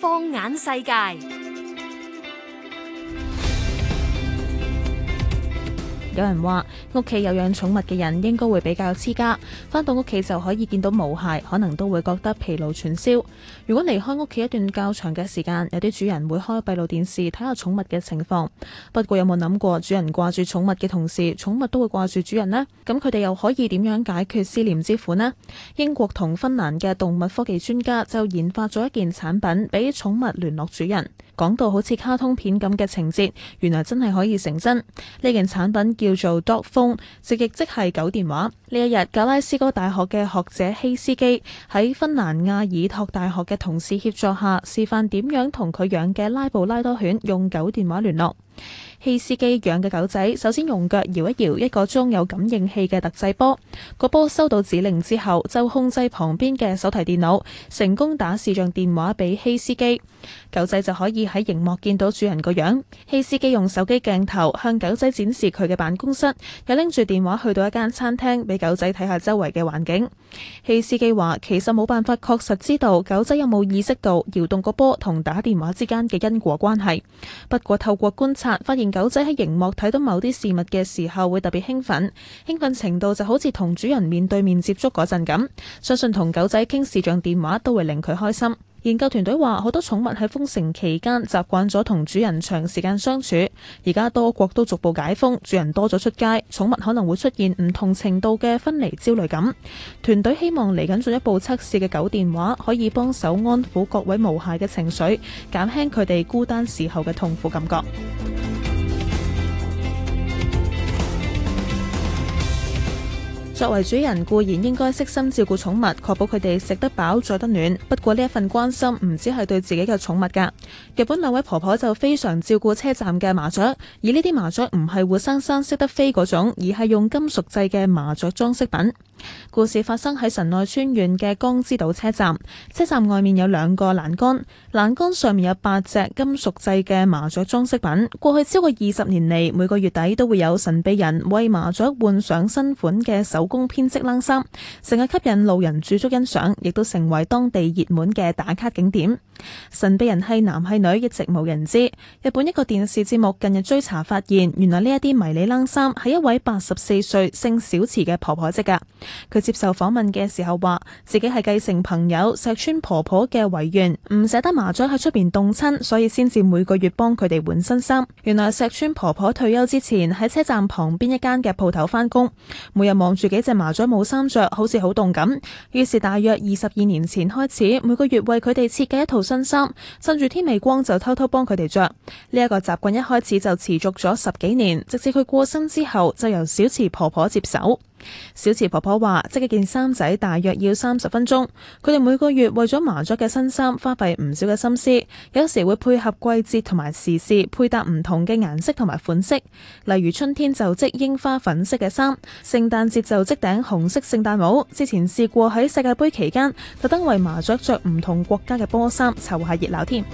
放眼世界。有人話屋企有養寵物嘅人應該會比較黐家，返到屋企就可以見到毛孩，可能都會覺得疲勞全消。如果離開屋企一段較長嘅時間，有啲主人會開閉路電視睇下寵物嘅情況。不過有冇諗過主人掛住寵物嘅同時，寵物都會掛住主人呢？咁佢哋又可以點樣解決思念之苦呢？英國同芬蘭嘅動物科技專家就研發咗一件產品，俾寵物聯絡主人。講到好似卡通片咁嘅情節，原來真係可以成真。呢件產品叫做 DogPhone，直譯即係狗電話。呢一日，格拉斯哥大學嘅學者希斯基喺芬蘭亞爾托大學嘅同事協助下，示範點樣同佢養嘅拉布拉多犬用狗電話聯絡。希斯基養嘅狗仔首先用腳搖一搖一個裝有感應器嘅特製波，個波收到指令之後就控制旁邊嘅手提電腦，成功打視像電話俾希斯基。狗仔就可以喺熒幕見到主人個樣。希斯基用手機鏡頭向狗仔展示佢嘅辦公室，又拎住電話去到一間餐廳俾，狗仔睇下周圍嘅環境，汽司機話，其實冇辦法確實知道狗仔有冇意識到搖動個波同打電話之間嘅因果關係。不過透過觀察，發現狗仔喺熒幕睇到某啲事物嘅時候會特別興奮，興奮程度就好似同主人面對面接觸嗰陣咁。相信同狗仔傾視像電話都會令佢開心。研究團隊話：好多寵物喺封城期間習慣咗同主人長時間相處，而家多國都逐步解封，主人多咗出街，寵物可能會出現唔同程度嘅分離焦慮感。團隊希望嚟緊進一步測試嘅狗電話可以幫手安撫各位無暇嘅情緒，減輕佢哋孤單時候嘅痛苦感覺。作為主人固然應該悉心照顧寵物，確保佢哋食得飽著得暖。不過呢一份關心唔止係對自己嘅寵物噶。日本兩位婆婆就非常照顧車站嘅麻雀，而呢啲麻雀唔係活生生識得飛嗰種，而係用金屬製嘅麻雀裝飾品。故事發生喺神奈川縣嘅江之島車站，車站外面有兩個欄杆，欄杆上面有八隻金屬製嘅麻雀裝飾品。過去超過二十年嚟，每個月底都會有神秘人為麻雀換上新款嘅手工編織冷衫，成日吸引路人駐足欣賞，亦都成為當地熱門嘅打卡景點。神秘人係男係女，一直冇人知。日本一個電視節目近日追查發現，原來呢一啲迷你冷衫係一位八十四歲姓小池嘅婆婆織噶。佢接受訪問嘅時候話：自己係繼承朋友石川婆婆嘅遺願，唔捨得麻雀喺出邊凍親，所以先至每個月幫佢哋換新衫。原來石川婆婆退休之前喺車站旁邊一間嘅鋪頭返工，每日望住幾隻麻雀冇衫着，好似好凍咁。於是大約二十二年前開始，每個月為佢哋設計一套新衫，趁住天未光就偷偷幫佢哋着。呢一個習慣一開始就持續咗十幾年，直至佢過身之後，就由小池婆婆接手。小慈婆婆話，織一件衫仔大約要三十分鐘，佢哋每個月為咗麻雀嘅新衫花費唔少嘅心思，有時會配合季節同埋時事配搭唔同嘅顏色同埋款式，例如春天就織櫻花粉色嘅衫，聖誕節就織頂紅色聖誕帽。之前試過喺世界杯期間特登為麻雀着唔同國家嘅波衫，湊下熱鬧添。